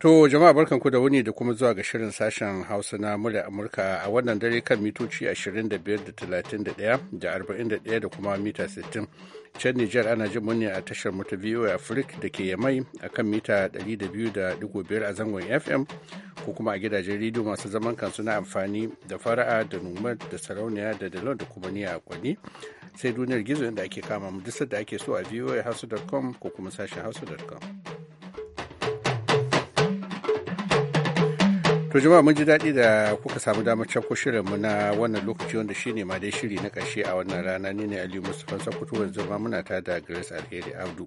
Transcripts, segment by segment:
To jama'a barkan ku da wuni da kuma zuwa ga shirin sashen Hausa na murya Amurka a wannan dare kan mitoci 25 da 31 da da kuma mita 60. Can Nijar ana jin muni a tashar mata VOA Africa da ke Yamai a kan mita 200.5 a zangon FM ko kuma a gidajen rediyo masu zaman kansu na amfani da fara'a da numar da sarauniya da dalon da kuma niya a kwani. Sai duniyar gizo inda ake kama mu duk da ake so a voahausa.com ko kuma sashen hausa.com. To jima mun ji daɗi da kuka samu damar cakko mu na wannan lokaci wanda shine ma dai shiri na ƙarshe a wannan rana ne ne Aliyu Mustapha Sakutu yanzu ma muna ta da Grace Alheri Abdu.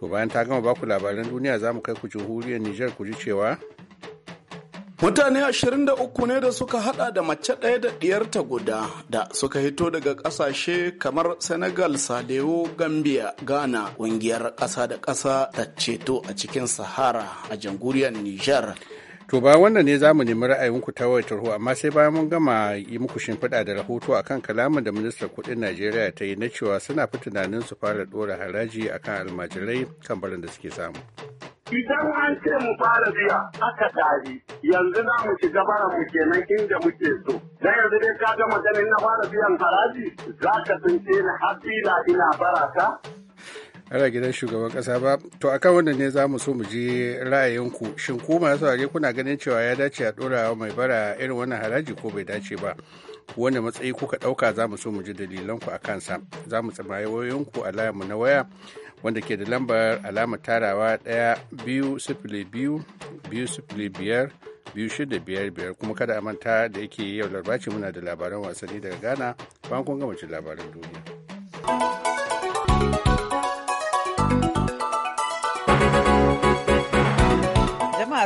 To bayan ta gama baku labaran duniya za mu kai ku jamhuriyar Nijar ku ji cewa Mutane 23 ne da suka hada da mace ɗaya da ɗiyarta guda da suka hito daga ƙasashe kamar Senegal, Sadewo, Gambia, Ghana, ƙungiyar ƙasa da ƙasa da ceto a cikin Sahara a jamhuriyar Nijar. To ba wannan ne za mu nemi ra'ayinku ta wayar tarho amma sai bayan mun gama yi muku shimfiɗa da rahoto akan kalamin da ministar kuɗin Najeriya ta yi na cewa suna fi tunanin su fara ɗora haraji akan almajirai kan barin da suke samu. Idan an ce mu fara biya aka tari yanzu za mu shiga bara mu kenan inda muke so. Na yanzu dai ka ga maganin na fara biyan haraji za ka tsince ni har ina ka. ana gidan shugaban kasa ba to akan wannan ne za mu so mu ji ra'ayinku shin ku masu saurare kuna ganin cewa ya dace a dora mai bara irin wannan haraji ko bai dace ba wanda matsayi kuka ɗauka za mu so mu ji dalilanku a kansa za mu tsamaye wayoyinku a na waya wanda ke da lambar alama tarawa ɗaya biyu sifili biyu biyu sifili biyar biyu shida biyar biyar kuma kada a manta da yake yau larbaci muna da labaran wasanni daga ghana bayan kun gama labaran duniya.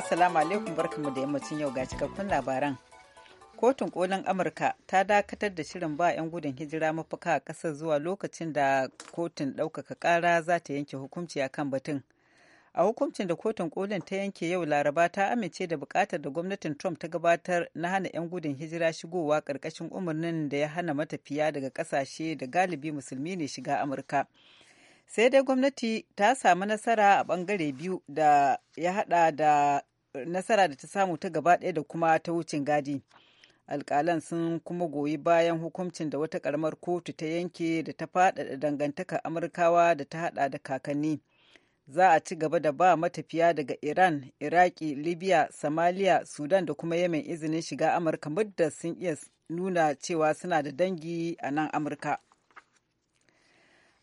Assalamu alaikum barkamu da yammacin yau ga cikakkun labaran kotun kolin amurka ta dakatar da shirin ba 'yan gudun hijira mafaka a ƙasar zuwa lokacin da kotun ɗaukaka ƙara za ta yanke hukunci a kan batun a hukuncin da kotun kolin ta yanke yau laraba ta amince da buƙatar da gwamnatin trump ta gabatar na hana 'yan gudun hijira shigowa ƙarƙashin umarnin da ya hana matafiya daga ƙasashe da galibi musulmi ne shiga amurka sai dai gwamnati ta samu nasara a bangare biyu da ya haɗa da nasara da ta samu ta gaba ɗaya da kuma ta wucin gadi alƙalan sun kuma goyi bayan hukuncin da wata ƙaramar kotu ta yanke da ta faɗaɗa dangantaka amurkawa da ta haɗa da kakanni za a ci gaba da ba matafiya daga iran iraki libya somalia sudan da kuma yemen izinin shiga amurka muddin sun iya nuna cewa suna da dangi a nan amurka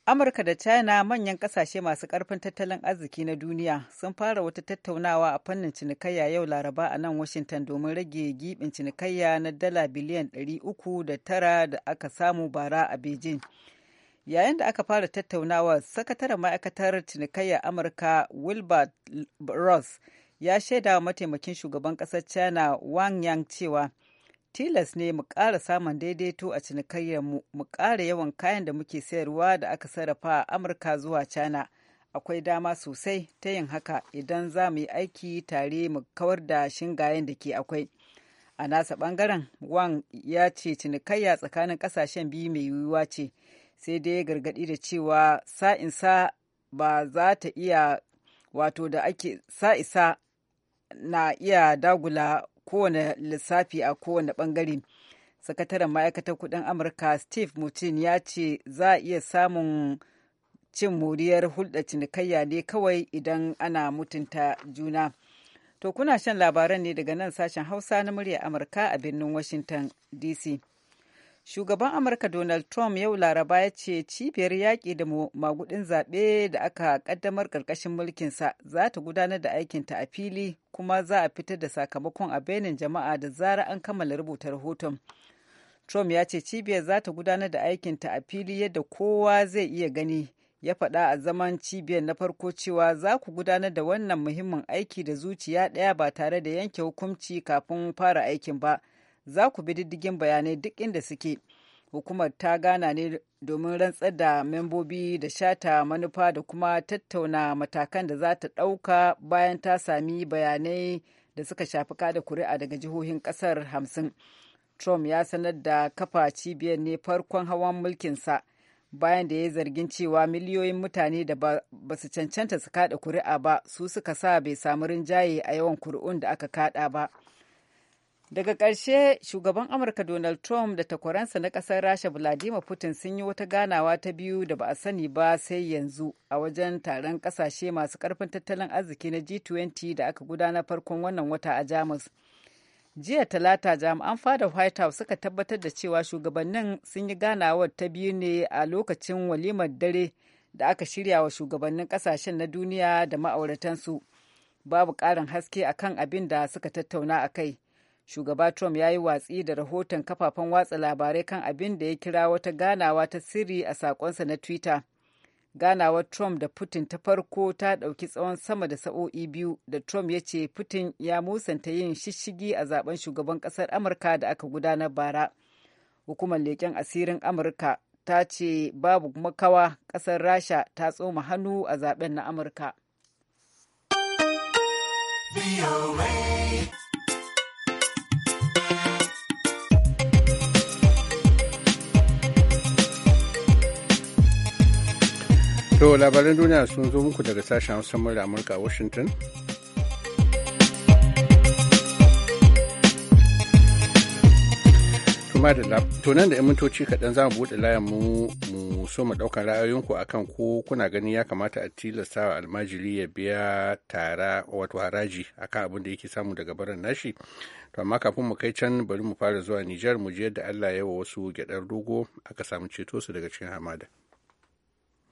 Amurka da China manyan kasashe masu karfin tattalin arziki na duniya sun fara wata tattaunawa a fannin cinikayya yau Laraba a nan Washington domin rage gibin cinikayya na dala biliyan 309 da aka samu bara a Beijing. Yayin da aka fara tattaunawa, sakataren ma'aikatar cinikayya Amurka Wilbur Ross ya shaida mataimakin shugaban ƙasar China Wang Yang cewa tilas ne mu ƙara samun daidaito a cinikayyar mu mu ƙara yawan kayan da muke sayarwa da aka sarrafa a amurka zuwa china akwai dama sosai ta yin haka idan za mu yi aiki tare mu kawar da shingayen da ke akwai a nasa bangaren wang ya ce cinikayya tsakanin kasashen biyu mai yiwuwa ce sai dai gargadi da cewa sa'insa ba za ta iya wato da ake sa'isa na iya dagula kowane lissafi a kowane bangare sakataren ma'aikatar kudin amurka steve mutin ya ce za a iya samun cin moriyar hulɗa cinikayya ne kawai idan ana mutunta juna to kuna shan labaran ne daga nan sashen hausa na murya amurka a birnin washington dc Shugaban Amurka Donald Trump yau Laraba ya ce cibiyar yaƙi da magudin zaɓe da aka ƙaddamar ƙarƙashin mulkinsa za ta gudanar da aikinta a fili kuma za a fitar da sakamakon a bainin jama'a da zara an kammala rubuta rahoton. Trump ya ce cibiyar za ta gudanar da aikinta a fili yadda kowa zai iya gani ya faɗa a zaman cibiyar na farko cewa za ku gudanar da wannan muhimmin aiki da zuciya ɗaya ba tare da yanke hukunci kafin fara aikin ba. za ku bi diddigin bayanai duk inda suke hukumar ta gana ne domin rantsar da membobi da shata manufa da kuma tattauna matakan da za ta ɗauka bayan ta sami bayanai da suka shafi kada kuri'a daga jihohin ƙasar hamsin trump ya sanar da kafa cibiyar ne farkon hawan mulkinsa bayan da ya yi zargin cewa miliyoyin mutane da ba su cancanta su kada kuri'a ba su suka sa bai samu rinjaye a yawan kuri'un da aka kada ba. Daga ƙarshe shugaban Amurka Donald Trump da takwaransa na ƙasar Rasha Vladimir Putin sun yi wata ganawa ta biyu da ba a sani ba sai yanzu a wajen taron ƙasashe masu ƙarfin tattalin arziki na G20 da aka gudanar farkon wannan wata a Jamus. Jiya Talata jami'an fada White House suka tabbatar da cewa shugabannin sun yi ganawar ta biyu ne a lokacin walimar dare da aka shirya wa shugabannin ƙasashen na duniya da ma'auratansu. Babu ƙarin haske akan abin da suka tattauna a kai. shugaba trump ya yi watsi da rahoton kafafen watsa labarai kan abin da ya kira wata ganawa ta sirri a sakonsa na twitter ganawar trump da putin ta farko ta ɗauki tsawon sama da sa'o'i biyu da trump ya ce putin ya musanta yin shishigi a zaben shugaban ƙasar amurka da aka gudanar bara hukumar leƙen asirin amurka ta ce babu makawa ƙasar rasha ta tsoma hannu a zaben na amurka. To labaran duniya sun zo muku daga sashen Hausa murar Amurka a Washington. To nan da 'yan mintoci kaɗan za mu buɗe layan mu mu so mu ɗaukar ra'ayoyinku a kan ko kuna gani ya kamata a tilasta wa almajiri ya biya tara wato haraji a kan abin da yake samu daga baran nashi. To amma kafin mu kai can bari mu fara zuwa Nijar mu je yadda Allah ya wa wasu gyaɗar dogo aka samu ceto su daga cikin hamada.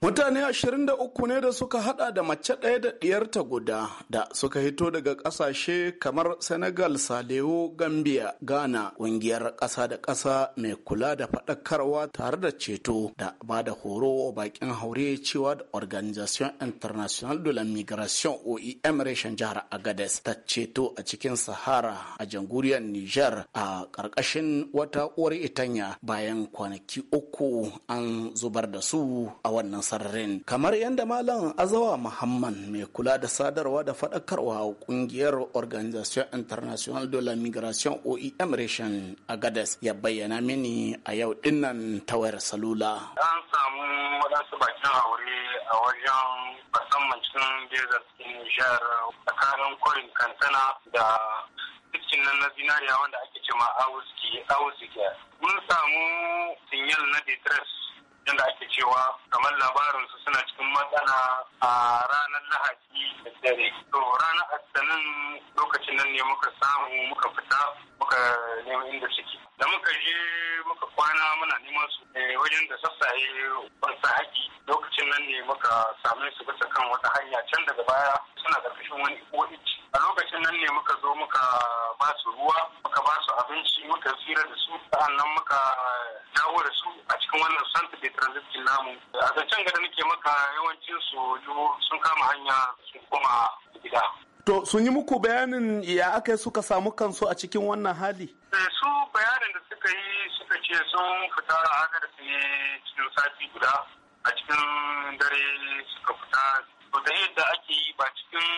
Mutane 23 ne da suka hada da mace ɗaya da ɗiyarta guda da suka hito daga ƙasashe kamar Senegal, Salewo, Gambia, Ghana, ƙungiyar ƙasa da ƙasa mai kula da faɗakarwa tare da ceto da ba da horo wa bakin haure cewa da Organisation International de la Migration OIM e reshen jihar Agades ta ceto a cikin Sahara a jamhuriyar Niger a ƙarƙashin wata uwar itanya bayan kwanaki uku an zubar da su a wannan sararin kamar yadda malam azawa muhammad mai kula da sadarwa da faɗakarwa a ƙungiyar organisation international de la migration oem reshen a gadas ya bayyana mini a yau dinnan ta wayar salula an samu waɗansu bakin aure a wajen musamman cikin bezar nijar tsakanin kwarin kantana da cikin nan na zinariya wanda ake cema auski mun samu sinyal na detress yadda ake cewa kamar labarin su suna cikin matsala a ranar lahadi da dare to ranar asalin lokacin nan ne muka samu muka fita muka nemi inda suke da muka je muka kwana muna neman su eh, wajen da sassaye wasu haƙi lokacin nan ne muka same su bisa kan wata hanya can daga baya suna ƙarƙashin wani ici. a lokacin nan ne muka zo muka ba su ruwa muka ba su abinci muka tsira da su nan muka dawo da su a cikin wannan santa da transit namu a zancen gada nake maka yawancin su sun kama hanya sun koma gida to sun yi muku bayanin ya aka suka samu kansu a cikin wannan hali eh, su da suka yi suka ce sun fita a hanyar su ne cikin sati guda a cikin dare suka fita to da yadda ake yi ba cikin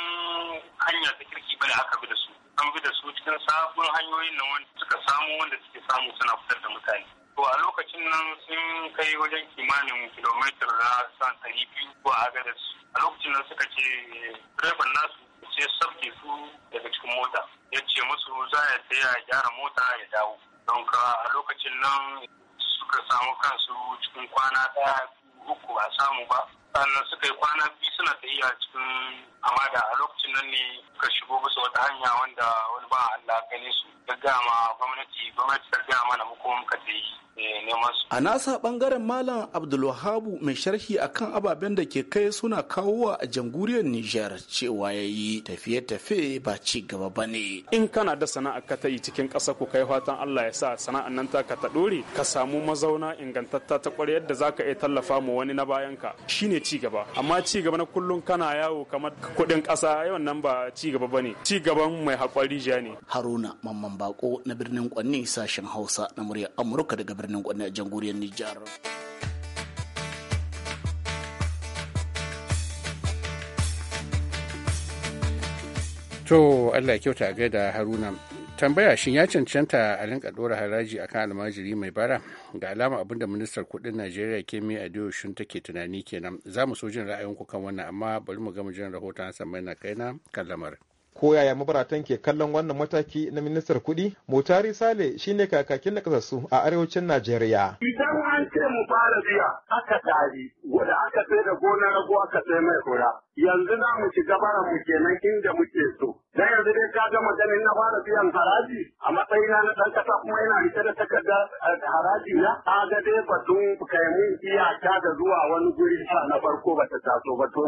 hanya ta kirki bane aka bi da su an bi da su cikin sabon hanyoyin nan wanda suka samu wanda suke samu suna fitar da mutane to a lokacin nan sun kai wajen kimanin kilomitar na san ɗari biyu ko a gadas a lokacin nan suka ce direban nasu sai sabke su daga cikin mota ya ce musu za ya tsaya ya gyara mota ya dawo don ka a lokacin nan suka samu kansu cikin kwana ɗaya uku ba samu ba sannan suka yi kwana biyu suna tafiya cikin hamada a lokacin nan ne suka shigo basu wata hanya wanda wani ba Allah gane su gaggama gwamnati gwamnati ta gaya mana mu muka muka yi. Eh, a nasa bangaren Malam Abdulwahabu mai sharhi akan ababen da ke kai suna kawowa a janguriyar Nijar cewa ya yi tafiye-tafiye ba ci gaba ba ne. In kana da sana'a ka ta yi cikin ƙasa ku kai fatan Allah ya sa sana'a nan ta ka ta ɗore ka samu mazauna ingantatta ta ƙwarai yadda za ka iya tallafa mu wani na bayan ka Shi ne ci gaba. Amma ci gaba na kullum kana yawo kamar kuɗin ƙasa yawan nan ba ci gaba ba ne. Ci gaban mai haƙwari ne. Haruna Mamman Bako na birnin Kwanni sashen Hausa na muryar Amurka daga birnin birnin jamhuriyar Nijar. To Allah ya kyauta a da Haruna. Tambaya shin ya cancanta a rinka ɗora haraji akan almajiri mai bara? Ga alama abinda ministar kuɗin Najeriya Kemi Shun take tunani kenan. Za mu so jin ra'ayinku kan wannan amma bari mu gama jin rahoton Hassan Maina kaina kan lamarin. Koyaya mabaratan ke kallon wannan mataki na ministar kuɗi mutari sale shine kakakin na kasassu a arewacin najeriya idan an ce mu fara biya aka tari wanda aka sai da gona rago aka sai mai kura yanzu za mu shiga bara mu kenan inda muke so na yanzu dai ka ga ganin na fara biyan haraji a matsayina na ɗan ƙasa kuma yana rike da takardar eh, haraji na ka ga dai batun kaimun iyaka da zuwa wani guri sa na farko ba ta taso ba to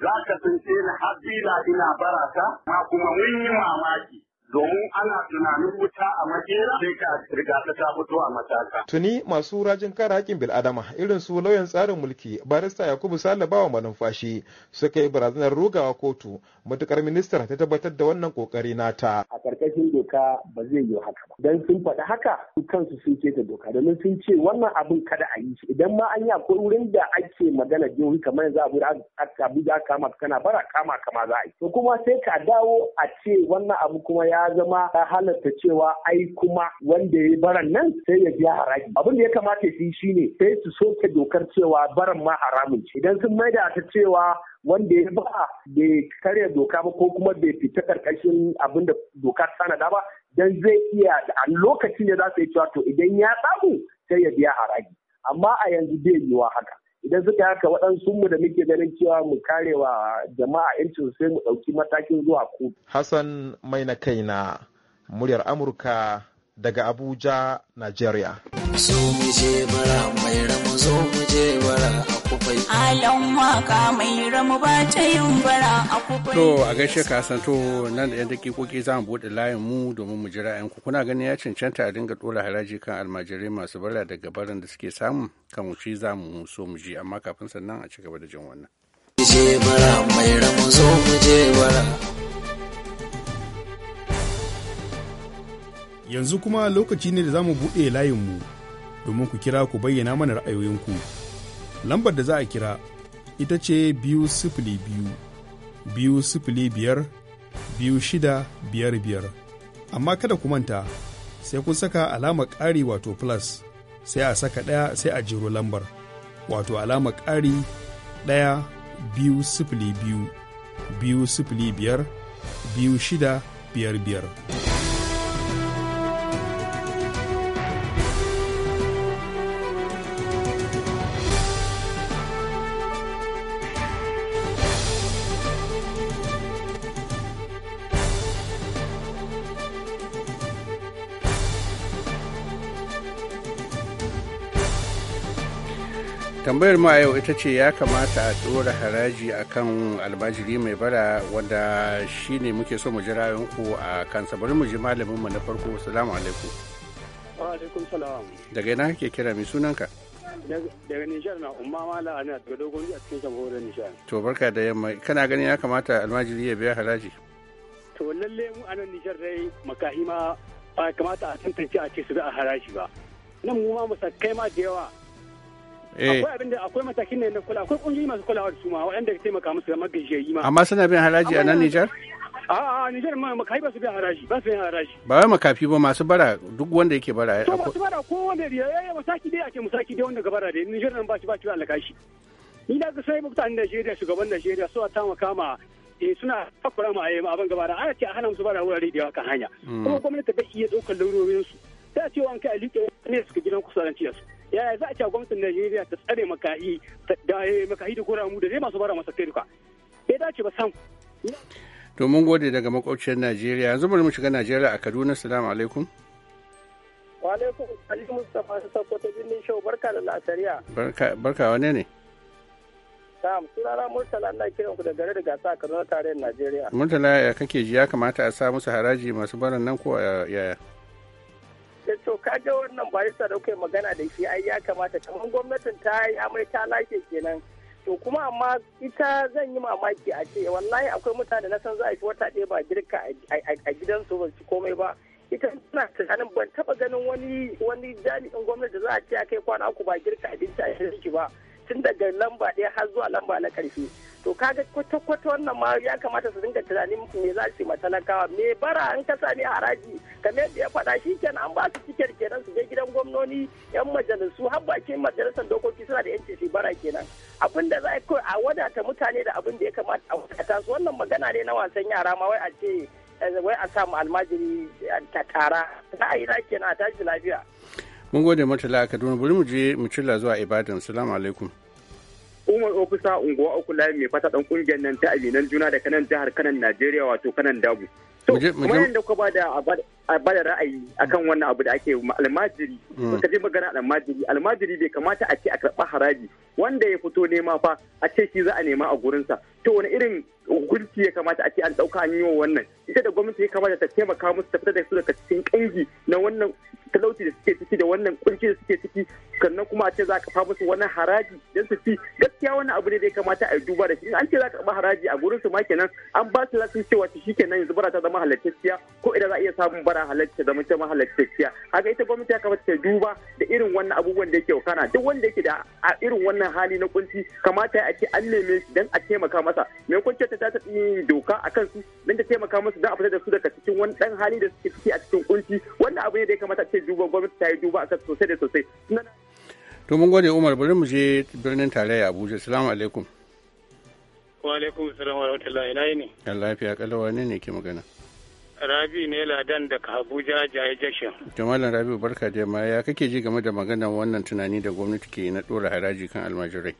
za ka tunce ni har ina bara ma kuma mun yi mamaki domin ana tunanin wuta a makera sai ka riga ta ta fito a Tuni masu rajin kara haƙƙin bil'adama irin su lauyan tsarin mulki barista Yakubu Salabawa manumfashi suka yi barazanar rugawa kotu Matuƙar ministar ta tabbatar da wannan kokari nata. A ƙarƙashin doka ba zai yi haka ba. Dan sun faɗi haka su kansu sun keta doka domin sun ce wannan abin kada a yi shi idan ma an yi akwai wurin da ake magana jihohi kamar yanzu abu Abuja kama kana bara kama kama za a yi. To kuma sai ka dawo a ce wannan abu kuma ya ya zama ya halatta cewa ai kuma wanda ya yi baran nan sai ya biya haraji abin da ya kamata su yi shine sai su soke dokar cewa baran ma haramun ce idan sun mai maida ta cewa wanda ya ba bai karya doka ba ko kuma bai fita karkashin abin da doka tanada ba dan zai iya a lokacin da za su yi cewa to idan ya samu sai ya biya haraji amma a yanzu bai yiwa haka idan suka haka waɗansu mu da muke ganin cewa mu karewa jama'a yancin sai mu ɗauki matakin zuwa kotu. Hassan mai na kai na muryar Amurka daga Abuja, Najeriya. so mu bara mai ramu bara a kufai alan waka mai ba ta yin bara a kufai to a gaishe ka san to nan da yan dakikoki za mu bude layin mu domin mu jira yan kuna ganin ya cancanta a dinga dora haraji kan almajirai masu bara daga barin da suke samun kan wuce za mu so mu je amma kafin sannan a ci gaba da jin wannan je bara mai ramu bara yanzu kuma lokaci ne da za mu buɗe layinmu domin ku kira ku bayyana mana ra'ayoyinku. Lambar da za a kira ita ce biyu sifili biyu, biyu sifili biyar, biyu shida biyar biyar. Amma kada ku manta sai kun saka alamar ƙari wato plus sai a saka ɗaya sai a jiro lambar wato alamar ƙari ɗaya biyu sifili biyu, biyu sifili biyar, biyu shida biyar biyar. tambayar ma yau ita ce ya kamata a ɗora haraji akan almajiri mai bara wanda shi ne muke so mu ji ku a kansa bari mu ji malaminmu na farko salamu alaikum alaikum salam daga ina kake kira mai sunanka daga nishar na umma mala ana daga dogon a cikin jamhuriyar nishar to barka da yamma kana ganin ya kamata almajiri ya biya haraji to lalle mu anan nishar dai makahima ba kamata a tantance a ce su da haraji ba nan mu ma musakai ma da yawa Eh. akwai abin da akwai matakin ne na kula akwai kungiyoyi masu kulawa da su ma waɗanda ke taimaka musu da magajiyayi ma amma suna bin haraji a nan Nijar a a Nijar ma makafi ba su bin haraji ba su bin haraji ba wai makafi ba masu bara duk wanda yake bara to masu bara ko wanda ya yi masaki dai ake masaki dai wanda ga bara dai Nijar nan ba shi ba shi alƙashi ni da ga sai mutanen Najeriya shugaban Najeriya su ta makama eh suna takura ma ayyama eh, abin gaba da ana ce a hana musu bara wurare da yawa kan hanya hmm. kuma gwamnati bai iya ɗaukar laurorin ta ce wa an kai a liƙe ne suka gidan kusuranci da su yaya za a cewa gwamnatin Najeriya ta tsare makahi da eh, makahi da mu da dai masu bara masa kai duka bai dace ba sam to mun gode daga makwabciyar Najeriya yanzu bari mu shiga Najeriya a Kaduna assalamu alaikum wa alaikum alaikum Mustafa ta binni show barka da lasariya barka barka wane ne Sam, sunana Murtala na kira ku da gare da gasa Kaduna tarayyar Najeriya. Murtala ya kake ji ya kamata a sa musu haraji masu baran nan ko yaya? ta so kaga wannan barista da kai magana da shi ai ya kamata kamar gwamnatin ta yi amai ta lashe kenan to kuma amma ita zan yi mamaki a ce wallahi akwai mutane na san za a fi wata ɗaya ba girka a gidansu ba su komai ba ita tana tunanin ban taba ganin wani wani jami'in gwamnati da za a ce a kai kwana uku ba girka abinci a shi ba tun daga lamba ɗaya har zuwa lamba na ƙarshe to kaga kwata-kwata wannan ma ya kamata su dinga tunanin me za su yi ma talakawa me bara an kasa ne haraji kamar yadda ya faɗa shi kenan an ba su cikin kenan su je gidan gwamnoni yan majalisu har bakin majalisar dokoki suna da yanci su bara kenan abin da za a kawai a wadata mutane da abin da ya kamata a wadata su wannan magana ne na wasan yara ma wai a ce eh, wai a samu almajiri eh, ta kara za a yi na kenan a tashi lafiya. mun gode mata a kaduna bari mu je mu cilla zuwa ibadan salamu alaikum umar ofisa unguwa uku layi mai fata dan kungiyar nan ta aminan juna da kanan jihar kanan najeriya wato kanan dabu to kuma yadda kuka ba da a bada ra'ayi akan wannan abu da ake almajiri mm. ka je magana almajiri almajiri bai kamata a ce a karɓa haraji wanda ya fito nema fa a ce shi za a nema a gurinsa to wani irin hukunci ya kamata a ce an ɗauka an yi wa wannan ita da gwamnati ya kamata ta taimaka musu ta fita da su daga cikin ƙangi na wannan talauci da suke ciki da wannan kunci da suke ciki sannan kuma a ce za ka fa musu wannan haraji don su ci gaskiya wannan abu ne da ya kamata a duba da shi an ce za ka karɓa haraji a gurinsu ma kenan an ba su lasin cewa shi kenan yanzu bara ta zama halartacciya ko idan za a iya samun bara halarta zama ta mahalartacciya haka ita gwamnati ya kamata ta duba da irin wannan abubuwan da yake kana duk wanda yake da a irin wannan hali na kunci kamata ya ce an neme shi dan a taimaka masa me kunci ta ta yi doka akan su dan ta taimaka musu dan a fita da su daga cikin wani dan hali da suke ciki a cikin kunci wannan abu ne da ya kamata ce duba gwamnati ta yi duba akan sosai da sosai to mun gode Umar bari mu je birnin tarayya Abuja assalamu alaikum wa alaikum assalam wa rahmatullahi ina ne Allah ya lafiya kalawa ne ne ke magana Rabi ne ladan daga Abuja jaye jashin. jamalin Rabi barka da ma ya kake ji game da maganar wannan tunani da gwamnati ke na ɗora haraji kan almajirai.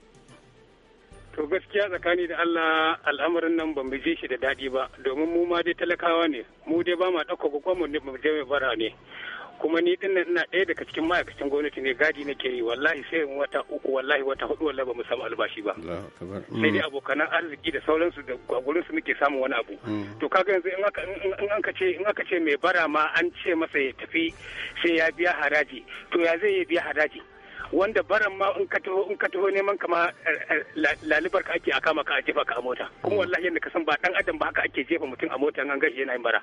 To gaskiya tsakani da Allah al'amarin nan ba je shi da daɗi ba domin mu ma dai talakawa ne mu dai ba ma ɗauka gwamnati mu je mai bara ne. kuma ni din nan ina ɗaya daga cikin ma'aikacin gwamnati ne gadi nake yi wallahi sai wata uku wallahi wata hudu wallahi ba mu samu albashi ba mm. sai dai abokan arziki da sauransu da gurin su muke samun wani abu mm. to kaga yanzu in aka ce in aka ce mai bara ma an ce masa ya tafi sai ya biya haraji to ya zai biya haraji wanda baran ma in ka taho in ka taho neman kama eh, eh, lalibar ka ake a kama ka a jefa ka a mota kuma mm. wallahi yadda ka san ba dan adam ba haka ake jefa mutum a mota an gashi yana yin bara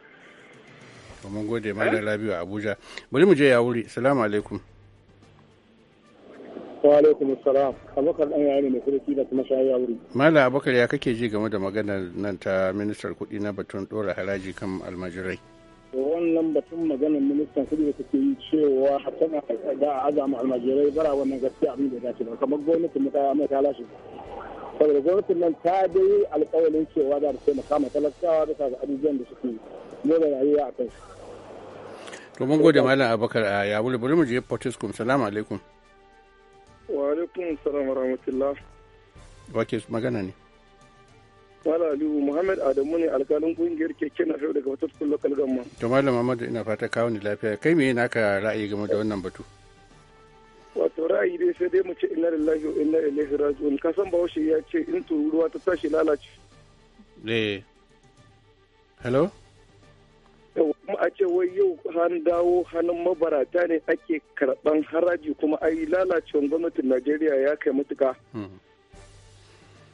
mun gode da eh? rabiu abuja bari mu je ya wuri salamu alaikum wa alaikum salam abubakar dan yare ne kudu da kuma shayi a wuri mallam abokar ya kake ji game da maganar nan ta ministar kuɗi na batun ɗora haraji kan almajirai wannan batun maganar ministan kudi da take yi cewa tana da azama almajirai bara wannan gaskiya abin da ya dace ba kamar gwamnati mu ta mai ta lashe saboda gwamnatin nan ta dai alƙawarin cewa za ta taimaka ma talakawa da abubuwan da suke dole rayuwa a kai to mun gode malam abubakar a yawuri bari mu je fortiskum salamu alaikum wa alaikum salam wa rahmatullah wake magana ne Mala alihu Muhammad Adamu ne alkalin kungiyar keke na fiye daga wata local gamma. To Malam Muhammad ina fata kawo ni lafiya kai me naka ra'ayi game da wannan batu? Wato ra'ayi dai sai dai mu ce inna lillahi wa inna ilaihi raji'un san Bahaushe ya ce in tururuwa ta tashi lalace. Eh. Hello? kuma a ce wai yau an dawo hannun mabarata ne ake karɓan haraji kuma ai lalacewan gwamnatin najeriya ya kai matuka hmm.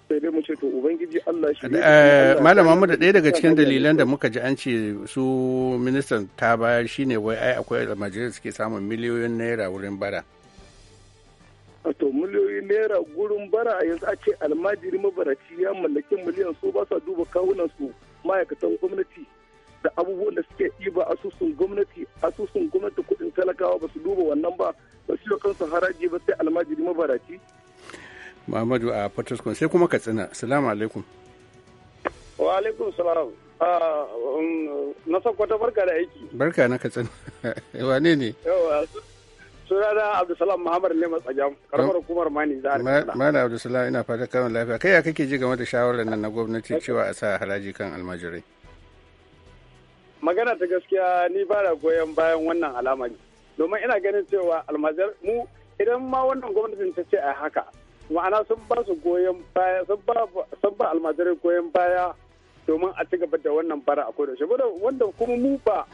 sai dai mu ce to ubangiji Allah shi eh, malam da ɗaya daga cikin dalilan da muka ji an ce su ministan ta bayar shine wai ai akwai majalisar suke samun miliyoyin naira wurin bara to miliyoyin naira gurin bara yanzu a ce almajiri mabaraci ya mallaki miliyan su ba sa duba kawunan su ma'aikatan gwamnati da abubuwan da suke ɗiba asusun gwamnati asusun gwamnati kuɗin talakawa ba su duba wannan ba ba su yi kansu haraji ba sai almajiri mabaraci. Muhammadu a Fataskun sai kuma Katsina. Salamu alaikum. Wa alaikum salam. Ah, um, na kwata barka da aiki. Barka na Katsina. wa ne? ne suna da abdulsalam muhammad ne matsajam karamar hukumar mani za a mana abdulsalam ina fata kawai lafiya kai ya kake ji game da shawarar nan na gwamnati cewa a sa haraji kan almajirai magana ta gaskiya ni ba da goyon bayan wannan al'amari domin ina ganin cewa almajar mu idan ma wannan gwamnatin ta ce a haka ma'ana sun ba su goyon baya sun ba almajar goyon baya domin a ci gaba da wannan bara a kodon shi wanda kuma mu ba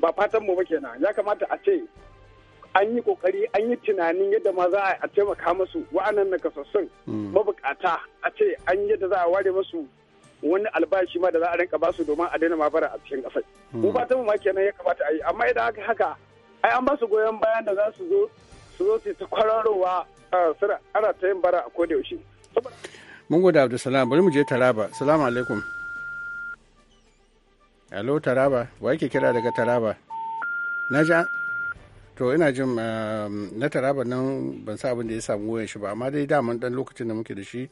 ba fatan mu ba kenan ya kamata a ce an yi kokari an yi tunanin yadda ma za a taimaka musu wa'annan nakasassun hmm. mabukata a ce an yadda za a ware musu wani albashi ma da za a rinka ba su domin a daina ma bara a cikin kasar mu hmm. ta mu ma kenan ya kamata a yi amma idan aka haka ai an ba su goyon bayan da za su zo su zo su ta kwararowa sura ana ta yin bara a koda yaushe mun gode salam bari mu je taraba salamu alaikum alo taraba wa yake kira daga taraba na ja to ina jin um, na taraba nan ban sa abin da ya samu wayan shi ba amma dai daman dan lokacin da muke da shi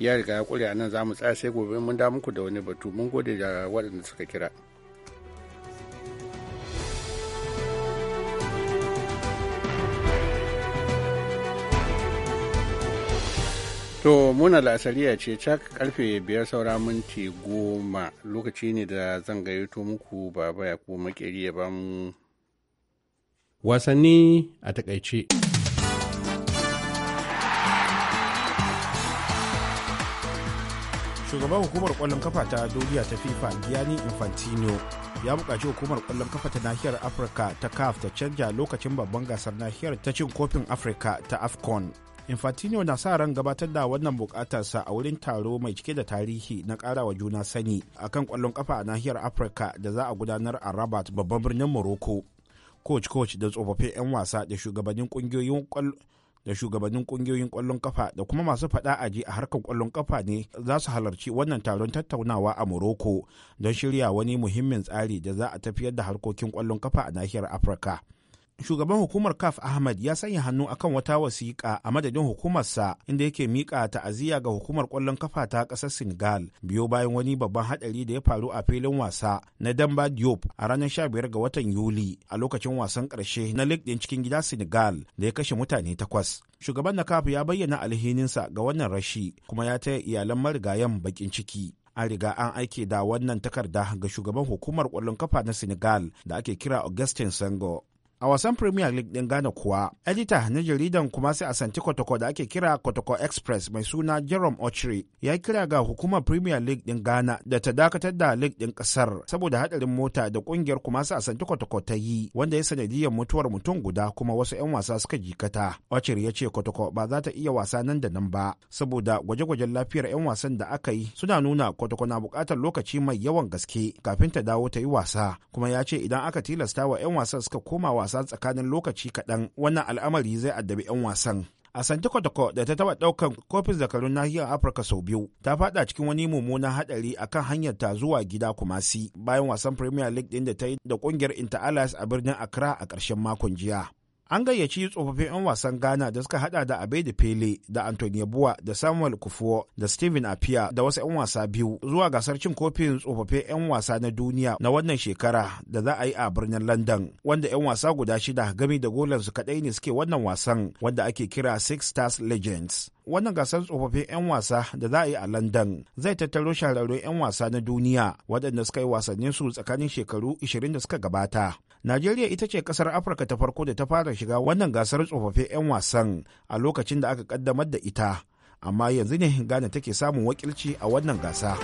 ya riga ya kure nan za mu tsaya sai gobe mun da muku da wani batu mun gode da waɗanda suka kira. To muna la'asariya ce cak karfe biyar saura minti goma lokaci ne da zan gayyato muku ba ya ko makeri ya mu. wasanni a takaice. shugaban hukumar kwallon kafa ta duniya ta fifa gianni infantino ya bukaci hukumar kwallon kafa ta nahiyar afirka ta caf ta canja lokacin babban gasar nahiyar ta cin kofin afirka ta afcon infantino na sa ran gabatar da wannan bukatarsa a wurin taro mai cike da tarihi na wa juna sani akan kwallon kafa a nahiyar afirka da za a gudanar a rabat babban birnin morocco coach coach da tsofaffin 'yan wasa da shugabannin kungiyoyin kwallon da shugabannin kungiyoyin kwallon kafa da kuma masu faɗa aji a harkar kwallon kafa ne za su halarci wannan taron tattaunawa a morocco don shirya wani muhimmin tsari da za a tafiyar da harkokin kwallon kafa a nahiyar afirka shugaban hukumar kaf ahmad ya sanya hannu akan wata wasiƙa a madadin hukumarsa inda yake miƙa ta'aziyya ga hukumar ƙwallon kafa ta ƙasar senegal biyo bayan wani babban haɗari da ya faru a filin wasa na damba diop a ranar 15 ga watan yuli a lokacin wasan ƙarshe na lig ɗin cikin gida senegal da ya kashe mutane takwas shugaban na kaf ya bayyana alhininsa ga wannan rashi kuma ya taya iyalan marigayen baƙin ciki an riga an aike da wannan takarda ga shugaban hukumar ƙwallon kafa na senegal da ake kira augustin sango A wasan Premier League din Ghana kuwa, edita na jaridan kuma sai a santi da ake kira kotoko Express mai suna Jerome Ochre ya kira ga hukumar Premier League din Ghana da ta dakatar da League din kasar saboda hadarin mota da kungiyar kuma sai a santi kwatako ta yi wanda ya sanadiyar mutuwar mutum guda kuma wasu 'yan wasa suka jikata. Ochre ya ce kotoko ba za ta iya wasa nan da nan ba saboda gwaje-gwajen lafiyar 'yan wasan da aka yi suna nuna kotoko na buƙatar lokaci mai yawan gaske kafin ta dawo ta yi wasa kuma ya ce idan aka tilasta wa 'yan wasan suka koma wasa tsakanin lokaci kaɗan wannan al'amari zai addabi 'yan wasan. a santi kotoko da ta taba daukan kofin zakarun nahiyar afirka sau biyu ta faɗa cikin wani mummunan hadari kan hanyar ta zuwa gida kumasi bayan wasan premier league din da ta yi da ƙungiyar inter allies a birnin accra a ƙarshen makon jiya an gayyaci tsofaffin 'yan wasan ghana da suka hada da abedi pele da antonio buwa da samuel kufuwa da steven apia da wasu 'yan wasa biyu zuwa gasar cin kofin tsofaffin 'yan wasa na duniya na wannan shekara da za a yi a birnin london wanda 'yan wasa guda shida gami da su kadai ne suke wannan wasan wanda ake kira six stars legends wannan gasar tsofaffin 'yan wasa da za a yi a london zai tattaro shahararrun 'yan wasa na duniya waɗanda suka yi wasannin su tsakanin shekaru 20 da suka gabata Najeriya ita ce kasar Afirka ta farko da ta fara shiga wannan gasar tsofaffin 'yan wasan a lokacin da aka kaddamar da ita, amma yanzu ne Ghana take samun wakilci a wannan gasa.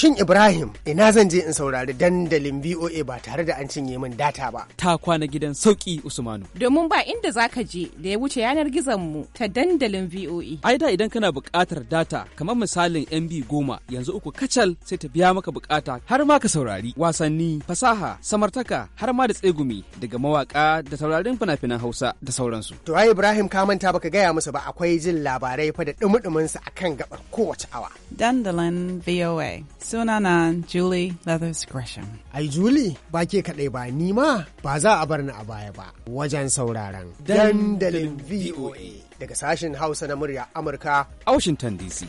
Shin Ibrahim ina zan je in saurari dandalin VOA ba tare da an cinye min data ba. Ta kwana gidan sauki Usmanu. Domin ba inda zaka je da ya wuce yanar gizon mu ta dandalin VOA. Ai da idan kana buƙatar data kamar misalin MB goma yanzu uku kacal sai ta biya maka buƙata har ma ka saurari wasanni, fasaha, samartaka har ma da tsegumi daga mawaka da taurarin fina-finan Hausa da sauransu. To ai Ibrahim ka manta baka gaya musu ba akwai jin labarai fa da dumudumin su akan gabar kowace awa. Dandalin VOA Suna na Julie Leathers Gresham. Ai Julie ba ke kaɗai ba ni ma ba za a bar ni a baya ba wajen sauraron dandalin VOA daga sashen Hausa na murya Amurka a Washington DC.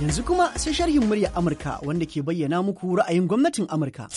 Yanzu kuma sai sharhin murya Amurka wanda ke bayyana muku ra'ayin gwamnatin Amurka.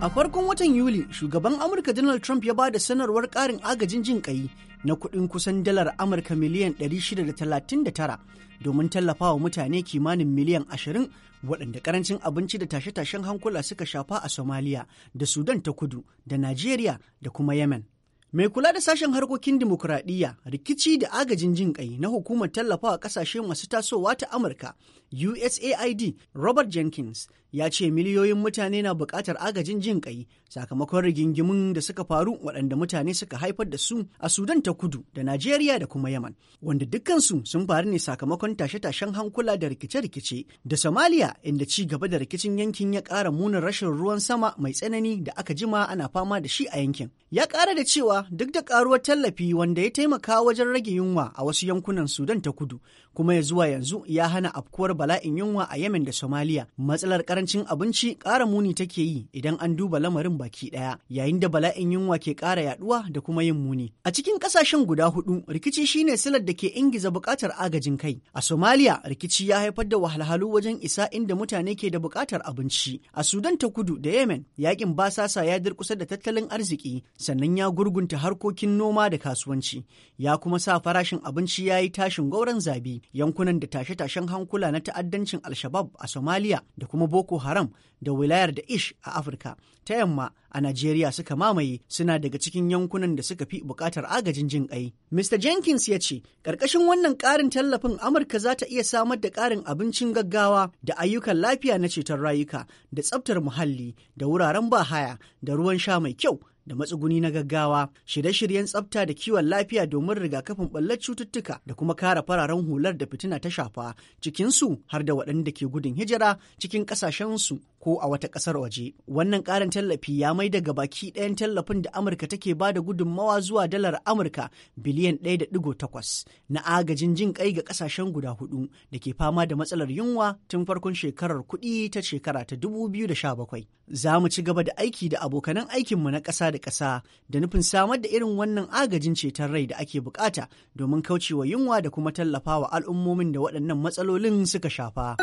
A farkon watan Yuli, shugaban Amurka Donald Trump ya ba da sanarwar ƙarin agajin jin ƙai na kuɗin kusan dalar Amurka miliyan 639 domin tallafa wa mutane kimanin miliyan 20 waɗanda ƙarancin abinci da tashe-tashen hankula suka shafa a Somalia da Sudan ta kudu da Najeriya da kuma Yemen. Mai kula da sashen harkokin dimokuraɗiyya rikici da agajin jin ƙai na hukumar tallafawa ƙasashe masu tasowa ta Amurka USAID Robert Jenkins ya ce miliyoyin mutane na buƙatar agajin jin ƙai sakamakon rigingimun da suka faru waɗanda mutane suka haifar da su a Sudan ta kudu da Najeriya da kuma Yaman, wanda dukkansu sun faru ne sakamakon tashe-tashen hankula da rikice-rikice da Somalia inda ci gaba da rikicin yankin ya ƙara munin rashin ruwan sama mai tsanani da aka jima ana fama da shi a yankin. Ya ƙara da cewa duk da ƙaruwar tallafi wanda ya taimaka wajen rage yunwa a wasu yankunan Sudan ta kudu kuma ya zuwa yanzu ya hana afkuwar bala'in yunwa a yamen da Somalia matsalar karancin abinci ƙara muni take yi idan an duba lamarin baki ɗaya yayin da bala'in yunwa ke ƙara yaɗuwa da kuma yin muni. A cikin ƙasashen guda hudu rikici shine silar da ke ingiza buƙatar agajin kai. A Somalia rikici ya haifar da wahalhalu wajen isa inda mutane ke da buƙatar abinci. A Sudan ta kudu da Yemen yakin basasa ya durƙusa da tattalin arziki sannan ya gurgunta harkokin noma da kasuwanci ya kuma sa farashin abinci ya yi tashin gwauron zabi yankunan da tashe-tashen hankula na ta'addancin Alshabab a Somalia da kuma Boko boko haram da wilayar da ish a afirka ta yamma a najeriya suka mamaye suna daga cikin yankunan da suka fi bukatar agajin jin ƙai mr jenkins ya ce ƙarƙashin wannan ƙarin tallafin amurka za ta iya samar da ƙarin abincin gaggawa da ayyukan lafiya na ceton rayuka da tsabtar muhalli da wuraren bahaya da ruwan sha mai kyau da matsuguni na gaggawa, shirye-shiryen tsafta da kiwon lafiya domin rigakafin ɓallar cututtuka da kuma kare fararen hular da fitina ta shafa, cikinsu har da waɗanda ke gudun hijira cikin ƙasashensu ko a wata ƙasar waje. Wannan ƙarin tallafi ya mai da baki ɗayan tallafin da Amurka take ba da gudunmawa zuwa dalar Amurka biliyan ɗaya da ɗigo takwas na agajin jin ƙai ga ƙasashen guda hudu da ke fama da matsalar yunwa tun farkon shekarar kuɗi ta shekara ta dubu biyu da sha bakwai. Za mu ci gaba da aiki da abokanan aikinmu na ƙasa da ƙasa da nufin samar da irin wannan agajin ceton rai da ake buƙata, domin kaucewa yunwa da kuma tallafawa al'ummomin da waɗannan matsalolin suka shafa.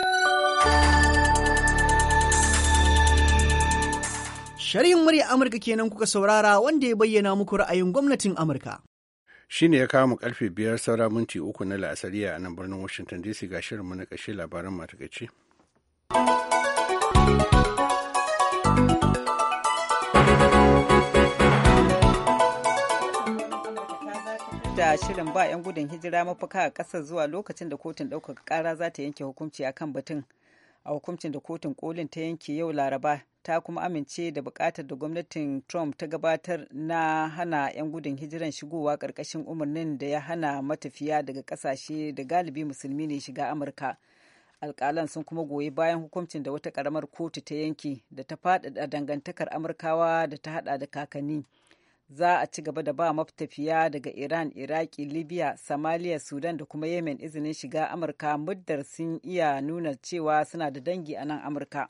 Sharhin murya Amurka kenan kuka saurara wanda ya bayyana muku ra'ayin gwamnatin Amurka. Shi ne ya kawo mu karfe biyar saura minti uku na la'asariya a nan birnin Washington DC ga shirin shirinmu na ƙashe labaran matakaici. da shirin ba 'yan gudun hijira mafaka a ƙasar zuwa lokacin da kotun ɗaukaka ƙara za ta yanke hukunci akan batun. a hukuncin da kotun kolin ta yanke yau laraba ta kuma amince da bukatar da gwamnatin trump ta gabatar na hana 'yan gudun hijiran shigowa karkashin umarnin da ya hana matafiya daga kasashe da galibi musulmi ne shiga amurka alkalan sun kuma goyi bayan hukuncin da wata karamar kotu ta yanke da ta faɗaɗa dangantakar amurkawa da ta haɗa da kakanni za a ci gaba da ba maftafiya daga Iran, Iraki, Libya, Somalia, Sudan da kuma Yemen izinin shiga Amurka muddar sun iya nuna cewa suna da dangi a nan Amurka.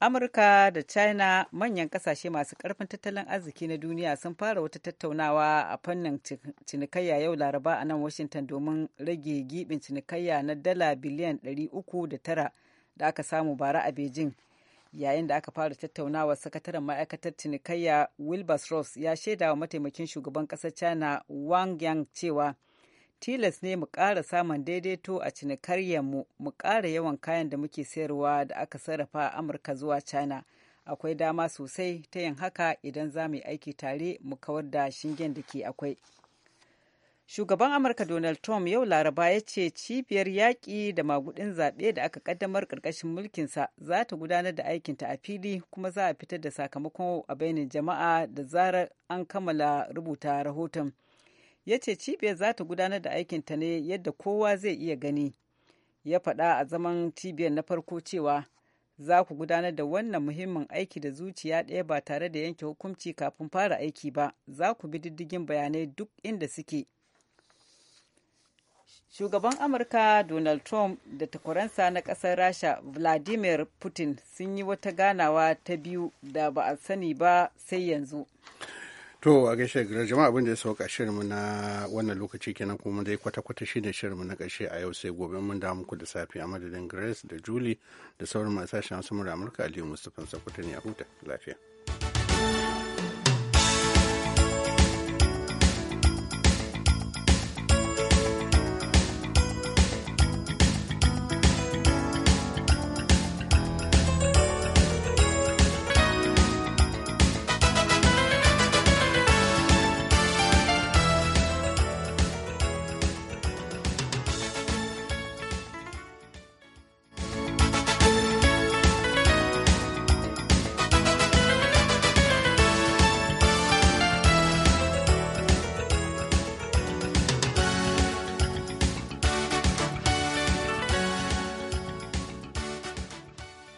Amurka da China manyan kasashe masu karfin tattalin arziki na duniya sun fara wata tattaunawa a fannin cinikayya yau Laraba a nan Washington domin rage gibin cinikayya na dala biliyan 309 da aka samu bara a Beijing. yayin da aka fara tattaunawa sakataren ma'aikatar cinikayya wilbur ross ya shaida wa mataimakin shugaban ƙasar china wang yang cewa tilas ne mu ƙara samun daidaito a cinikayyarmu mu kara yawan kayan da muke sayarwa da aka sarrafa a amurka zuwa china akwai dama sosai ta yin haka idan za mu yi aiki tare mu kawar da shingen da ke akwai shugaban amurka donald trump yau laraba ya ce cibiyar yaƙi da magudin zaɓe da aka ƙaddamar ƙarƙashin mulkinsa za ta gudanar da aikinta a fili kuma za a fitar da sakamakon a bainin jama'a da zarar an kammala rubuta rahoton ya ce cibiyar za ta gudanar da aikinta ne yadda kowa zai iya gani ya faɗa a zaman cibiyar na farko cewa za ku gudanar da wannan muhimmin aiki da zuciya ɗaya ba tare da yanke hukunci kafin fara aiki ba za ku bi diddigin bayanai duk inda suke shugaban amurka donald trump da takwaransa na kasar rasha vladimir putin sun yi wata ganawa ta biyu da ba a sani ba sai yanzu to a gaishe girar jama'a abin da ya sauka shirinmu na wannan lokaci kenan kuma dai kwata-kwata shi da shirinmu na ƙarshe a yau sai gobe mun damu ku da safe a madadin grace da julie da sauran masashen sashen mura amurka aliyu mustapha sakwata ne a huta lafiya